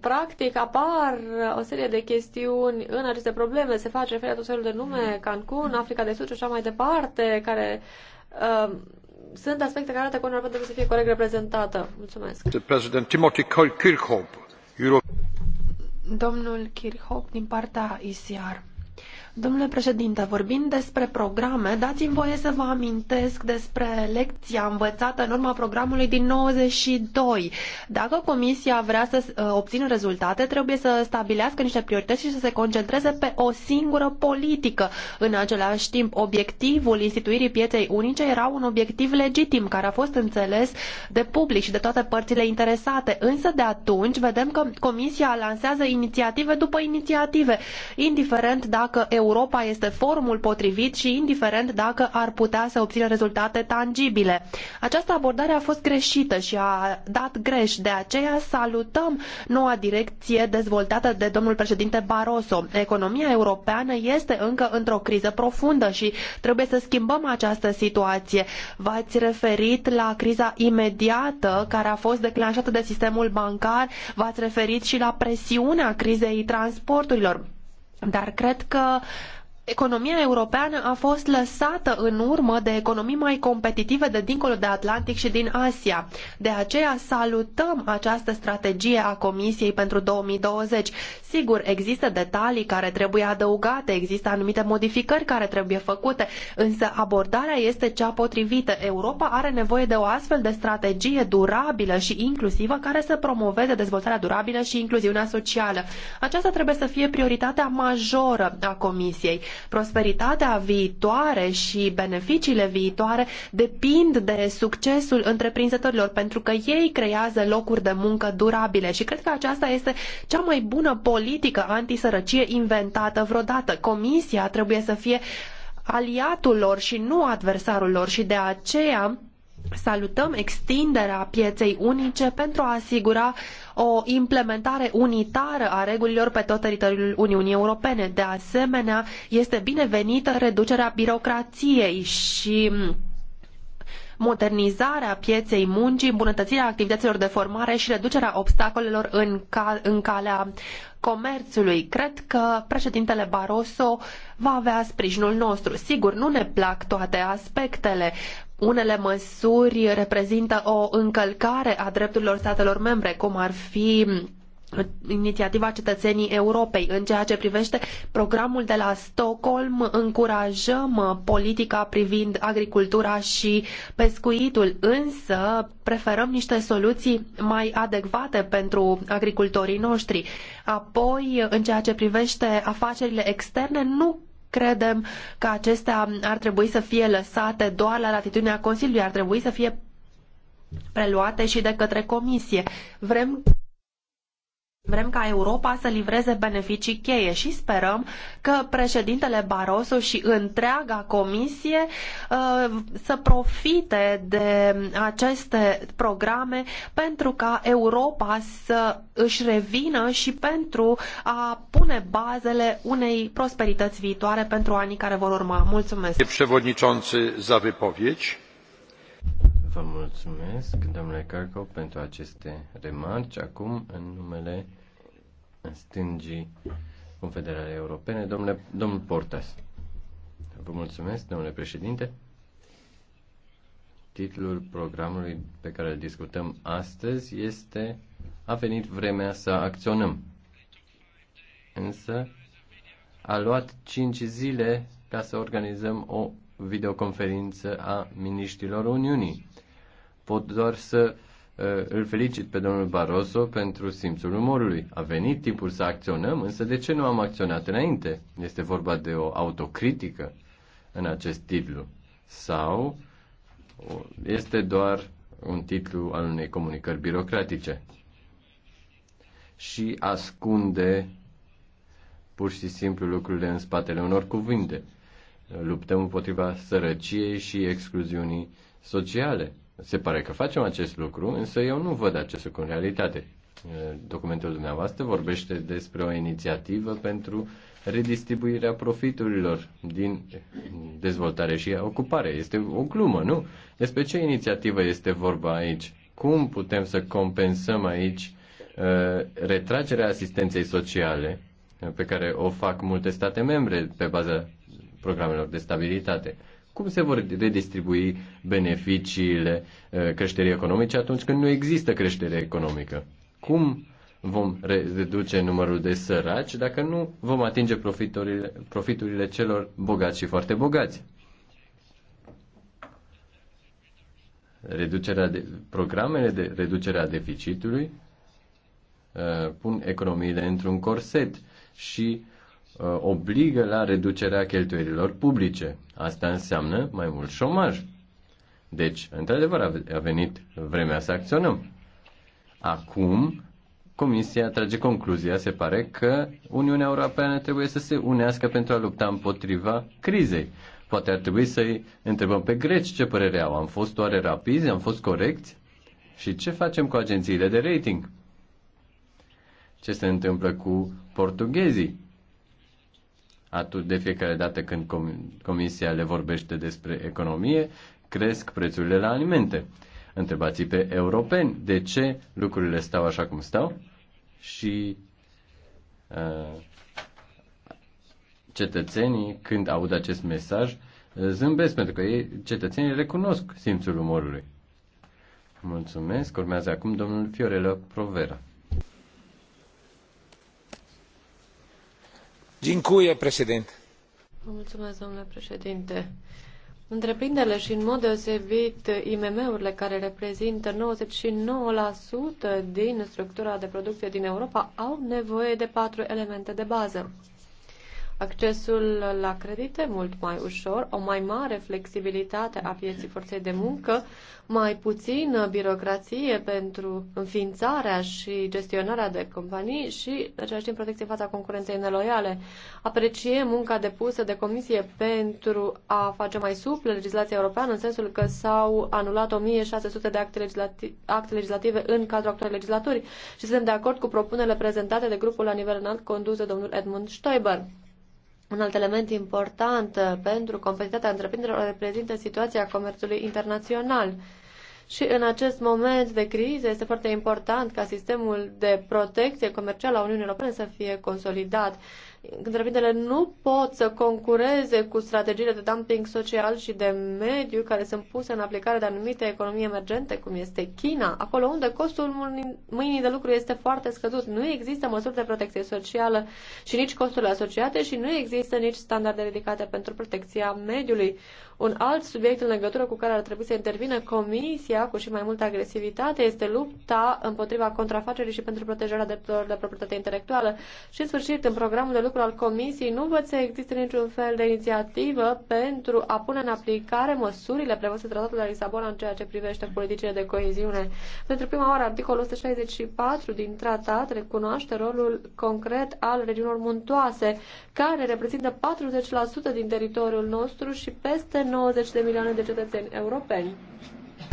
Practic apar o serie de chestiuni în aceste probleme, se face referire tot felul de nume, Cancun, Africa de Sud și așa mai departe, care uh, sunt aspecte care arată că Uniunea trebuie să fie corect reprezentată. Mulțumesc. President Timothy Kirchhoff, Europe. Domnul Kirchhoff din partea ICR. Domnule președinte, vorbind despre programe, dați-mi voie să vă amintesc despre lecția învățată în urma programului din 92. Dacă Comisia vrea să uh, obțină rezultate, trebuie să stabilească niște priorități și să se concentreze pe o singură politică. În același timp, obiectivul instituirii pieței unice era un obiectiv legitim, care a fost înțeles de public și de toate părțile interesate. Însă, de atunci, vedem că Comisia lansează inițiative după inițiative, indiferent dacă Europa este forumul potrivit și indiferent dacă ar putea să obțină rezultate tangibile. Această abordare a fost greșită și a dat greș, de aceea salutăm noua direcție dezvoltată de domnul președinte Barroso. Economia europeană este încă într-o criză profundă și trebuie să schimbăm această situație. V-ați referit la criza imediată care a fost declanșată de sistemul bancar, v-ați referit și la presiunea crizei transporturilor dar cred că economia europeană a fost lăsată în urmă de economii mai competitive de dincolo de Atlantic și din Asia. De aceea salutăm această strategie a Comisiei pentru 2020. Sigur, există detalii care trebuie adăugate, există anumite modificări care trebuie făcute, însă abordarea este cea potrivită. Europa are nevoie de o astfel de strategie durabilă și inclusivă care să promoveze dezvoltarea durabilă și incluziunea socială. Aceasta trebuie să fie prioritatea majoră a Comisiei. Prosperitatea viitoare și beneficiile viitoare depind de succesul întreprinzătorilor, pentru că ei creează locuri de muncă durabile și cred că aceasta este cea mai bună politică antisărăcie inventată vreodată. Comisia trebuie să fie aliatul lor și nu adversarul lor și de aceea salutăm extinderea pieței unice pentru a asigura o implementare unitară a regulilor pe tot teritoriul Uniunii Europene. De asemenea, este binevenită reducerea birocrației și modernizarea pieței muncii, îmbunătățirea activităților de formare și reducerea obstacolelor în, cal, în calea comerțului. Cred că președintele Barroso va avea sprijinul nostru. Sigur, nu ne plac toate aspectele unele măsuri reprezintă o încălcare a drepturilor statelor membre, cum ar fi inițiativa cetățenii Europei. În ceea ce privește programul de la Stockholm, încurajăm politica privind agricultura și pescuitul, însă preferăm niște soluții mai adecvate pentru agricultorii noștri. Apoi, în ceea ce privește afacerile externe, nu Credem că acestea ar trebui să fie lăsate doar la latitudinea Consiliului, ar trebui să fie preluate și de către Comisie. Vrem Vrem ca Europa să livreze beneficii cheie și sperăm că președintele Barroso și întreaga comisie uh, să profite de aceste programe pentru ca Europa să își revină și pentru a pune bazele unei prosperități viitoare pentru anii care vor urma. Mulțumesc! Vă mulțumesc, domnule Carco, pentru aceste remarci. Acum, în numele stângii Confederale Europene, domnule, domnul Portas. Vă mulțumesc, domnule președinte. Titlul programului pe care îl discutăm astăzi este A venit vremea să acționăm. Însă a luat 5 zile ca să organizăm o videoconferință a miniștilor Uniunii. Pot doar să Uh, îl felicit pe domnul Barroso pentru simțul umorului. A venit timpul să acționăm, însă de ce nu am acționat înainte? Este vorba de o autocritică în acest titlu. Sau este doar un titlu al unei comunicări birocratice și ascunde pur și simplu lucrurile în spatele unor cuvinte. Luptăm împotriva sărăciei și excluziunii sociale se pare că facem acest lucru, însă eu nu văd acest lucru în realitate. Documentul dumneavoastră vorbește despre o inițiativă pentru redistribuirea profiturilor din dezvoltare și ocupare. Este o glumă, nu? Despre ce inițiativă este vorba aici? Cum putem să compensăm aici retragerea asistenței sociale pe care o fac multe state membre pe baza programelor de stabilitate? Cum se vor redistribui beneficiile uh, creșterii economice atunci când nu există creștere economică? Cum vom reduce numărul de săraci dacă nu vom atinge profiturile, profiturile celor bogați și foarte bogați? Reducerea de, programele de reducere a deficitului uh, pun economiile într-un corset și Uh, obligă la reducerea cheltuielilor publice. Asta înseamnă mai mult șomaj. Deci, într-adevăr, a venit vremea să acționăm. Acum, Comisia trage concluzia, se pare, că Uniunea Europeană trebuie să se unească pentru a lupta împotriva crizei. Poate ar trebui să-i întrebăm pe greci ce părere au. Am fost oare rapizi? Am fost corecți? Și ce facem cu agențiile de rating? Ce se întâmplă cu portughezii? atunci de fiecare dată când comisia le vorbește despre economie, cresc prețurile la alimente. Întrebați pe europeni de ce lucrurile stau așa cum stau și uh, cetățenii, când aud acest mesaj, zâmbesc, pentru că ei, cetățenii recunosc simțul umorului. Mulțumesc. Urmează acum domnul Fiorelă Provera. Mulțumesc, domnule președinte. Întreprinderile și în mod deosebit IMM-urile care reprezintă 99% din structura de producție din Europa au nevoie de patru elemente de bază accesul la credite mult mai ușor, o mai mare flexibilitate a pieții forței de muncă, mai puțină birocrație pentru înființarea și gestionarea de companii și, în același timp, protecție în fața concurenței neloiale. Apreciem munca depusă de comisie pentru a face mai suplă legislația europeană, în sensul că s-au anulat 1600 de acte, legislati- acte legislative în cadrul actualei legislaturi și suntem de acord cu propunerile prezentate de grupul la nivel înalt condus de domnul Edmund Stoiber. Un alt element important uh, pentru competitivitatea întreprinderilor reprezintă situația comerțului internațional. Și în acest moment de criză este foarte important ca sistemul de protecție comercială a Uniunii Europene să fie consolidat întreprinderile nu pot să concureze cu strategiile de dumping social și de mediu care sunt puse în aplicare de anumite economii emergente, cum este China, acolo unde costul mâinii de lucru este foarte scăzut. Nu există măsuri de protecție socială și nici costurile asociate și nu există nici standarde ridicate pentru protecția mediului. Un alt subiect în legătură cu care ar trebui să intervină Comisia cu și mai multă agresivitate este lupta împotriva contrafacerii și pentru protejarea drepturilor de proprietate intelectuală. Și, în sfârșit, în programul de lucru al Comisiei nu văd să existe niciun fel de inițiativă pentru a pune în aplicare măsurile prevăzute tratatul de la Lisabona în ceea ce privește politicile de coeziune. Pentru prima oară, articolul 164 din tratat recunoaște rolul concret al regiunilor muntoase, care reprezintă 40% din teritoriul nostru și peste 90 de milioane de cetățeni europeni.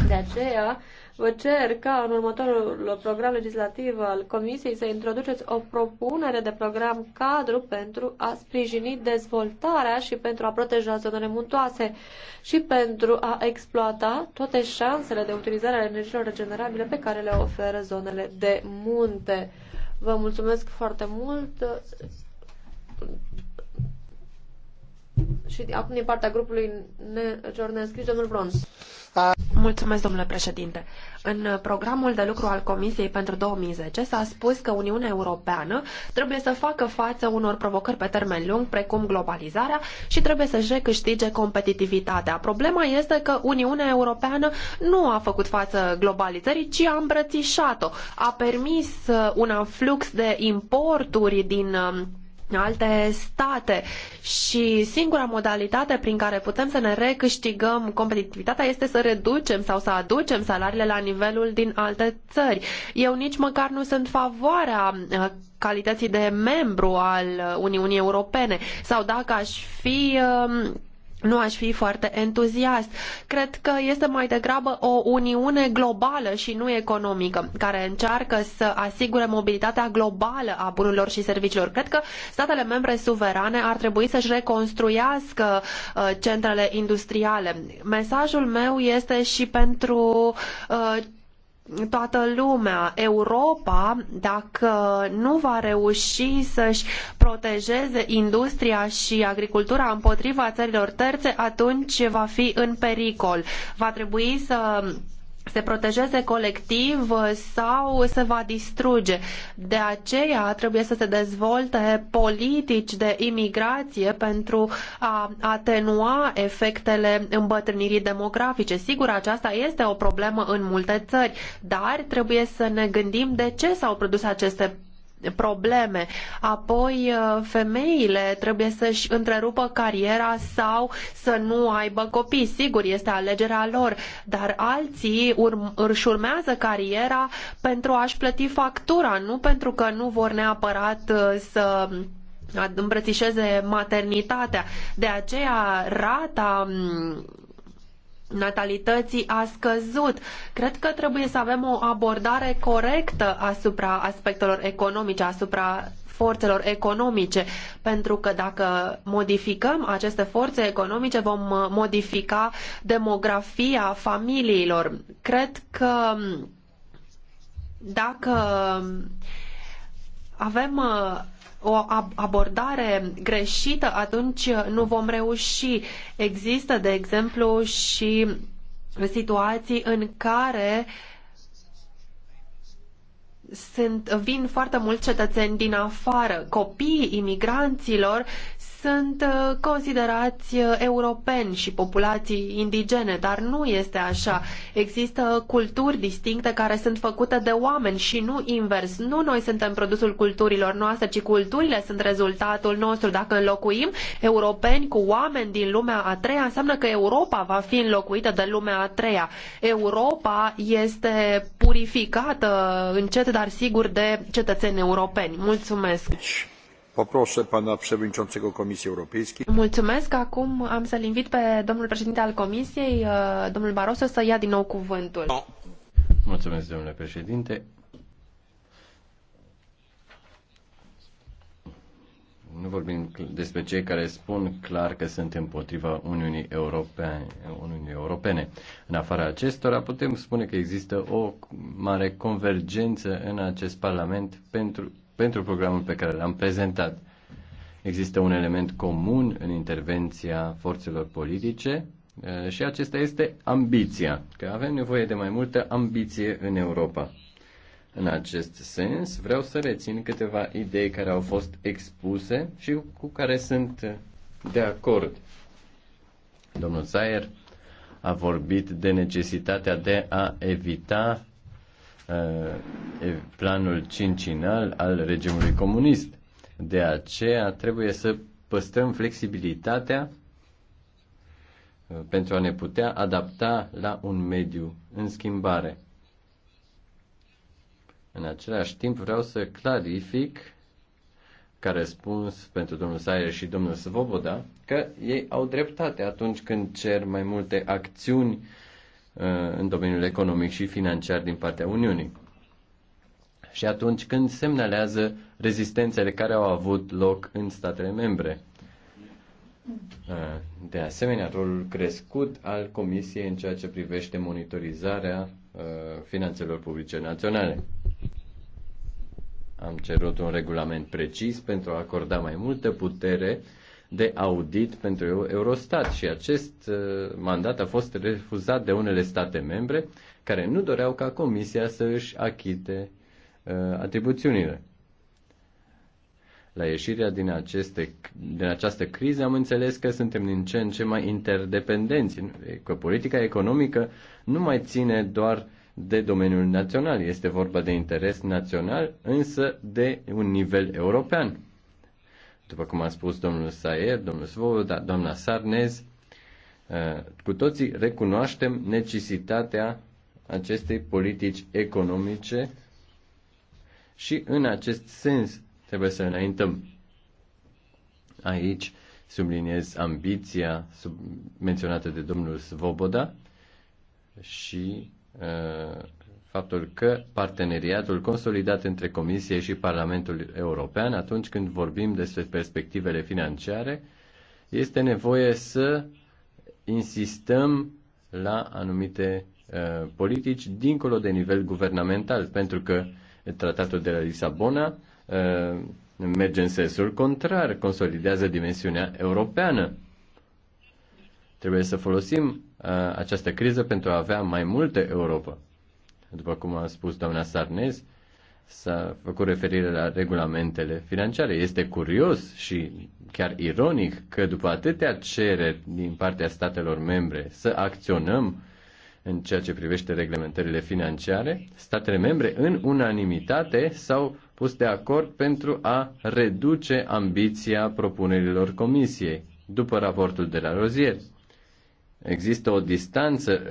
De aceea, vă cer ca în următorul program legislativ al Comisiei să introduceți o propunere de program cadru pentru a sprijini dezvoltarea și pentru a proteja zonele muntoase și pentru a exploata toate șansele de utilizare a energiilor regenerabile pe care le oferă zonele de munte. Vă mulțumesc foarte mult! Și acum din partea grupului celor neînscriși, domnul Brons. Mulțumesc, domnule președinte. În programul de lucru al Comisiei pentru 2010 s-a spus că Uniunea Europeană trebuie să facă față unor provocări pe termen lung, precum globalizarea, și trebuie să-și recâștige competitivitatea. Problema este că Uniunea Europeană nu a făcut față globalizării, ci a îmbrățișat-o. A permis uh, un flux de importuri din um, alte state și singura modalitate prin care putem să ne recâștigăm competitivitatea este să reducem sau să aducem salariile la nivelul din alte țări. Eu nici măcar nu sunt favoarea uh, calității de membru al Uniunii Europene sau dacă aș fi uh, nu aș fi foarte entuziast. Cred că este mai degrabă o uniune globală și nu economică, care încearcă să asigure mobilitatea globală a bunurilor și serviciilor. Cred că statele membre suverane ar trebui să-și reconstruiască uh, centrele industriale. Mesajul meu este și pentru uh, toată lumea, Europa, dacă nu va reuși să-și protejeze industria și agricultura împotriva țărilor terțe, atunci va fi în pericol. Va trebui să se protejeze colectiv sau se va distruge. De aceea trebuie să se dezvolte politici de imigrație pentru a atenua efectele îmbătrânirii demografice. Sigur, aceasta este o problemă în multe țări, dar trebuie să ne gândim de ce s-au produs aceste probleme. Apoi, uh, femeile trebuie să-și întrerupă cariera sau să nu aibă copii. Sigur, este alegerea lor, dar alții urm- își urmează cariera pentru a-și plăti factura, nu pentru că nu vor neapărat uh, să îmbrățișeze maternitatea. De aceea, rata natalității a scăzut. Cred că trebuie să avem o abordare corectă asupra aspectelor economice, asupra forțelor economice, pentru că dacă modificăm aceste forțe economice, vom uh, modifica demografia familiilor. Cred că um, dacă um, avem uh, o abordare greșită, atunci uh, nu vom reuși. Există, de exemplu, și situații în care sunt, vin foarte mulți cetățeni din afară. Copiii imigranților sunt uh, considerați uh, europeni și populații indigene, dar nu este așa. Există culturi distincte care sunt făcute de oameni și nu invers. Nu noi suntem produsul culturilor noastre, ci culturile sunt rezultatul nostru. Dacă înlocuim europeni cu oameni din lumea a treia, înseamnă că Europa va fi înlocuită de lumea a treia. Europa este purificată încet, dar sigur, de cetățeni europeni. Mulțumesc! Poproșe pana președinționțego Comisiei Europeiskiej. Mulțumesc. Acum am să-l invit pe domnul președinte al Comisiei, uh, domnul Barroso, să ia din nou cuvântul. Mulțumesc, domnule președinte. Nu vorbim despre cei care spun clar că sunt împotriva Uniunii Europene. Uniunii Europene. În afara acestora, putem spune că există o mare convergență în acest Parlament pentru pentru programul pe care l-am prezentat. Există un element comun în intervenția forțelor politice eh, și acesta este ambiția, că avem nevoie de mai multă ambiție în Europa. În acest sens, vreau să rețin câteva idei care au fost expuse și cu care sunt de acord. Domnul Zaier a vorbit de necesitatea de a evita Uh, planul cincinal al regimului comunist. De aceea trebuie să păstrăm flexibilitatea uh, pentru a ne putea adapta la un mediu în schimbare. În același timp vreau să clarific ca răspuns pentru domnul Sayer și domnul Svoboda că ei au dreptate atunci când cer mai multe acțiuni Uh, în domeniul economic și financiar din partea Uniunii. Și atunci când semnalează rezistențele care au avut loc în statele membre. Uh, de asemenea, rolul crescut al Comisiei în ceea ce privește monitorizarea uh, finanțelor publice naționale. Am cerut un regulament precis pentru a acorda mai multă putere de audit pentru Eurostat și acest uh, mandat a fost refuzat de unele state membre care nu doreau ca Comisia să își achite uh, atribuțiunile. La ieșirea din, aceste, din această criză am înțeles că suntem din ce în ce mai interdependenți, că politica economică nu mai ține doar de domeniul național, este vorba de interes național, însă de un nivel european. După cum a spus domnul Saer, domnul Svoboda, doamna Sarnez, uh, cu toții recunoaștem necesitatea acestei politici economice și în acest sens trebuie să înaintăm. Aici subliniez ambiția sub, menționată de domnul Svoboda și uh, faptul că parteneriatul consolidat între Comisie și Parlamentul European, atunci când vorbim despre perspectivele financiare, este nevoie să insistăm la anumite uh, politici dincolo de nivel guvernamental, pentru că tratatul de la Lisabona uh, merge în sensul contrar, consolidează dimensiunea europeană. Trebuie să folosim uh, această criză pentru a avea mai multă Europa după cum a spus doamna Sarnez, s-a făcut referire la regulamentele financiare. Este curios și chiar ironic că după atâtea cereri din partea statelor membre să acționăm în ceea ce privește reglementările financiare, statele membre în unanimitate s-au pus de acord pentru a reduce ambiția propunerilor comisiei, după raportul de la Rozier. Există o distanță,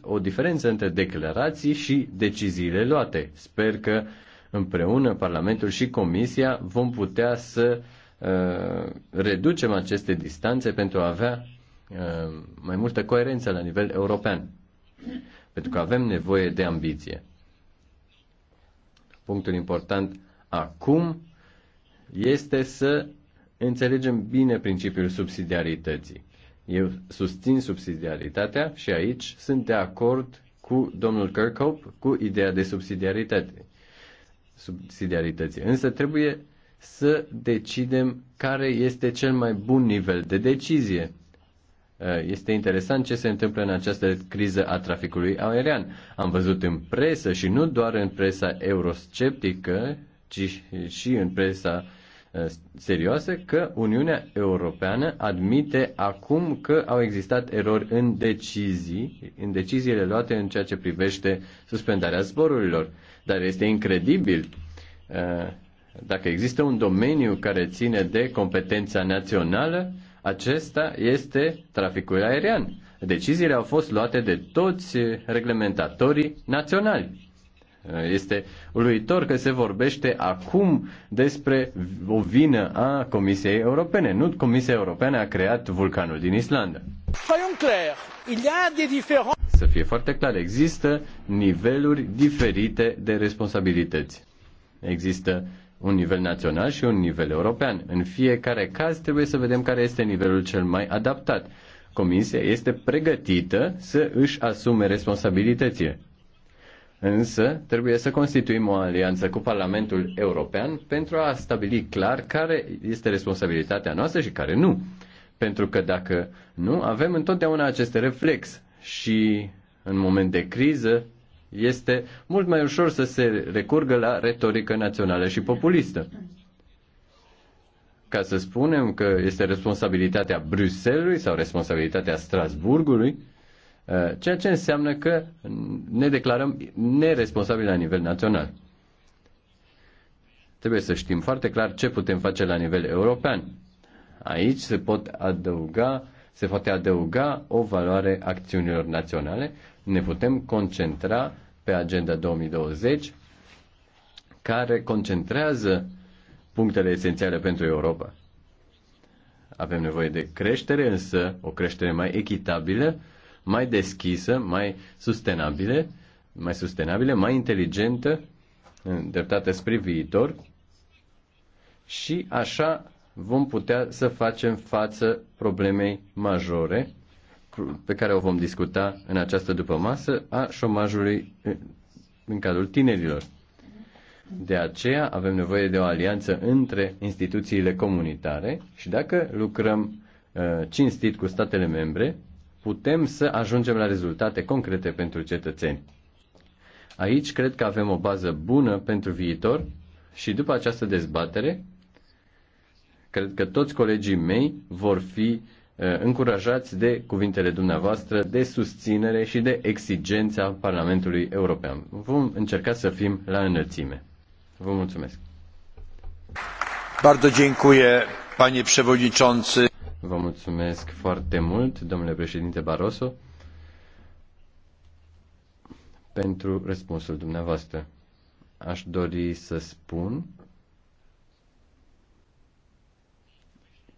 o diferență între declarații și deciziile luate. Sper că împreună Parlamentul și Comisia vom putea să uh, reducem aceste distanțe pentru a avea uh, mai multă coerență la nivel european. Pentru că avem nevoie de ambiție. Punctul important acum este să înțelegem bine principiul subsidiarității. Eu susțin subsidiaritatea și aici sunt de acord cu domnul Kirkhope cu ideea de subsidiaritate. Subsidiarității. Însă trebuie să decidem care este cel mai bun nivel de decizie. Uh, este interesant ce se întâmplă în această criză a traficului aerian. Am văzut în presă și nu doar în presa eurosceptică, ci și în presa Uh, serioase că Uniunea Europeană admite acum că au existat erori în decizii, în deciziile luate în ceea ce privește suspendarea zborurilor. Dar este incredibil uh, dacă există un domeniu care ține de competența națională, acesta este traficul aerian. Deciziile au fost luate de toți reglementatorii naționali. Este uluitor că se vorbește acum despre o vină a Comisiei Europene. Nu Comisia Europeană a creat vulcanul din Islanda. Să fie foarte clar, există niveluri diferite de responsabilități. Există un nivel național și un nivel european. În fiecare caz trebuie să vedem care este nivelul cel mai adaptat. Comisia este pregătită să își asume responsabilitățile. Însă, trebuie să constituim o alianță cu Parlamentul European pentru a stabili clar care este responsabilitatea noastră și care nu. Pentru că dacă nu, avem întotdeauna acest reflex și în moment de criză este mult mai ușor să se recurgă la retorică națională și populistă. Ca să spunem că este responsabilitatea Bruselului sau responsabilitatea Strasburgului, Eh, ceea ce înseamnă că ne declarăm neresponsabili la nivel național. Trebuie să știm foarte clar ce putem face la nivel european. Aici se pot adăuga se poate adăuga o valoare acțiunilor naționale. Ne putem concentra pe Agenda 2020, care concentrează punctele esențiale pentru Europa. Avem nevoie de creștere, însă o creștere mai echitabilă, mai deschisă, mai sustenabile, mai sustenabile, mai inteligentă, îndreptată spre viitor și așa vom putea să facem față problemei majore pe care o vom discuta în această dupămasă a șomajului în cadrul tinerilor. De aceea avem nevoie de o alianță între instituțiile comunitare și dacă lucrăm uh, cinstit cu statele membre, putem să ajungem la rezultate concrete pentru cetățeni. Aici cred că avem o bază bună pentru viitor și după această dezbatere, cred că toți colegii mei vor fi uh, încurajați de cuvintele dumneavoastră, de susținere și de exigența Parlamentului European. Vom încerca să fim la înălțime. Vă mulțumesc. Bardzo dziękuję, panie przewodniczący. Vă mulțumesc foarte mult, domnule președinte Barroso, pentru răspunsul dumneavoastră. Aș dori să spun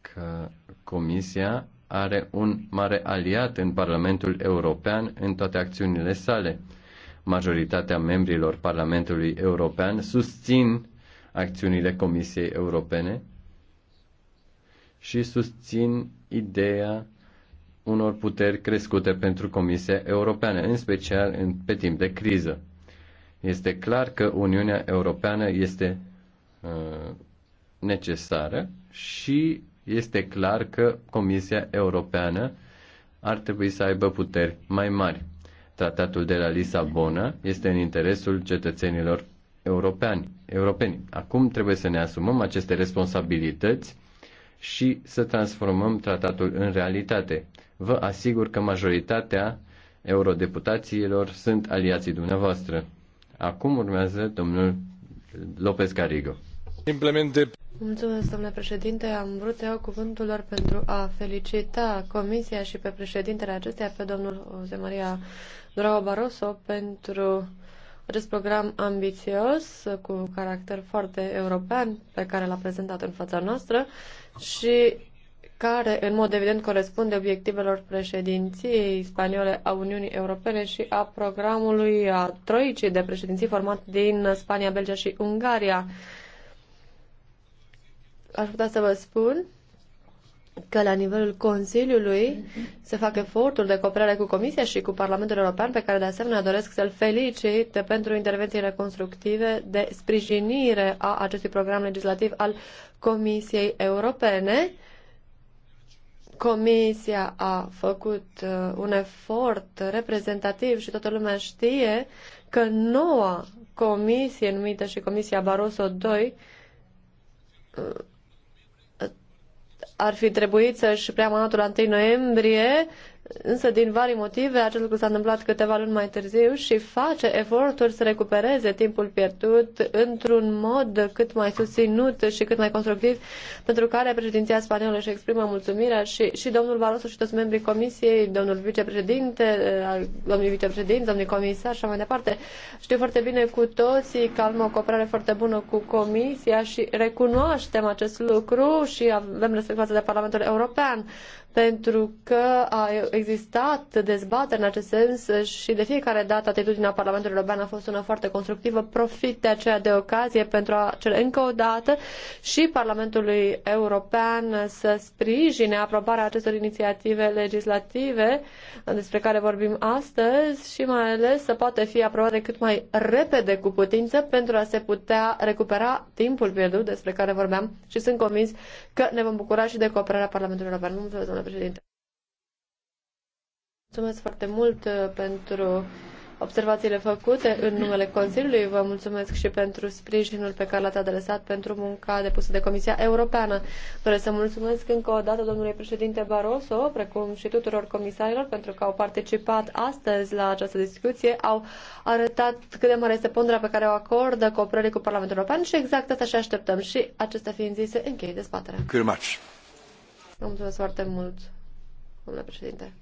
că Comisia are un mare aliat în Parlamentul European în toate acțiunile sale. Majoritatea membrilor Parlamentului European susțin acțiunile Comisiei Europene și susțin ideea unor puteri crescute pentru Comisia Europeană, în special în, pe timp de criză. Este clar că Uniunea Europeană este uh, necesară și este clar că Comisia Europeană ar trebui să aibă puteri mai mari. Tratatul de la Lisabona este în interesul cetățenilor europeani. europeni. Acum trebuie să ne asumăm aceste responsabilități și să transformăm tratatul în realitate. Vă asigur că majoritatea eurodeputațiilor sunt aliații dumneavoastră. Acum urmează domnul López Garrigo. Implemente. Mulțumesc, domnule președinte. Am vrut să iau cuvântul lor pentru a felicita Comisia și pe președintele acesteia, pe domnul Jose Maria Durao Barroso, pentru acest program ambițios, cu caracter foarte european, pe care l-a prezentat în fața noastră și care, în mod evident, corespunde obiectivelor președinției spaniole a Uniunii Europene și a programului a troicii de președinții format din Spania, Belgia și Ungaria. Aș putea să vă spun că la nivelul Consiliului se fac eforturi de cooperare cu Comisia și cu Parlamentul European, pe care de asemenea doresc să-l felicit pentru intervențiile constructive de sprijinire a acestui program legislativ al Comisiei Europene. Comisia a făcut uh, un efort reprezentativ și toată lumea știe că noua comisie numită și Comisia Barroso II ar fi trebuit să-și preia mandatul la 1 noiembrie, Însă, din vari motive, acest lucru s-a întâmplat câteva luni mai târziu și face eforturi să recupereze timpul pierdut într-un mod cât mai susținut și cât mai constructiv, pentru care președinția spaniolă își exprimă mulțumirea și, și domnul Barroso și toți membrii comisiei, domnul vicepreședinte, eh, domnul vicepreședinte, domnul comisar și așa mai departe. Știu foarte bine cu toții că am o cooperare foarte bună cu comisia și recunoaștem acest lucru și avem respect față de Parlamentul European pentru că a existat dezbatere în acest sens și de fiecare dată atitudinea Parlamentului European a fost una foarte constructivă. Profit de aceea de ocazie pentru a cere încă o dată și Parlamentului European să sprijine aprobarea acestor inițiative legislative despre care vorbim astăzi și mai ales să poate fi aprobate cât mai repede cu putință pentru a se putea recupera timpul pierdut despre care vorbeam și sunt convins că ne vom bucura și de cooperarea Parlamentului European. Mulțumesc, președinte. Mulțumesc foarte mult uh, pentru observațiile făcute în numele Consiliului. Vă mulțumesc și pentru sprijinul pe care l-ați adresat pentru munca depusă de Comisia Europeană. Vreau să mulțumesc încă o dată domnului președinte Barroso, precum și tuturor comisarilor, pentru că au participat astăzi la această discuție, au arătat cât de mare este pondra pe care o acordă cooperării cu Parlamentul European și exact asta și așteptăm. Și acestea fiind zise, închei dezbaterea. Mulțumesc. Vă mulțumesc foarte mult, domnule președinte.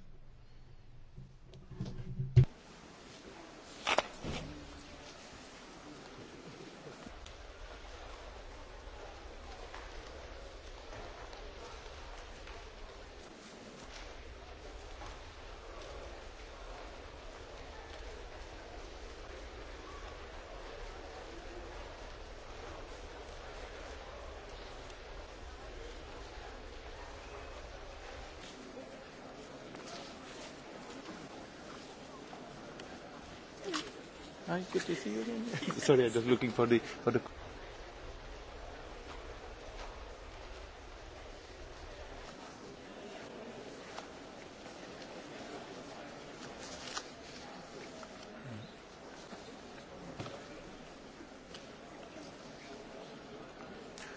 Good to see you again. Sorry, I'm just looking for the for the.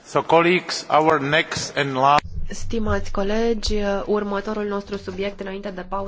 So, colleagues, our next and last... Stimați colegi, următorul nostru subiect înainte de pauză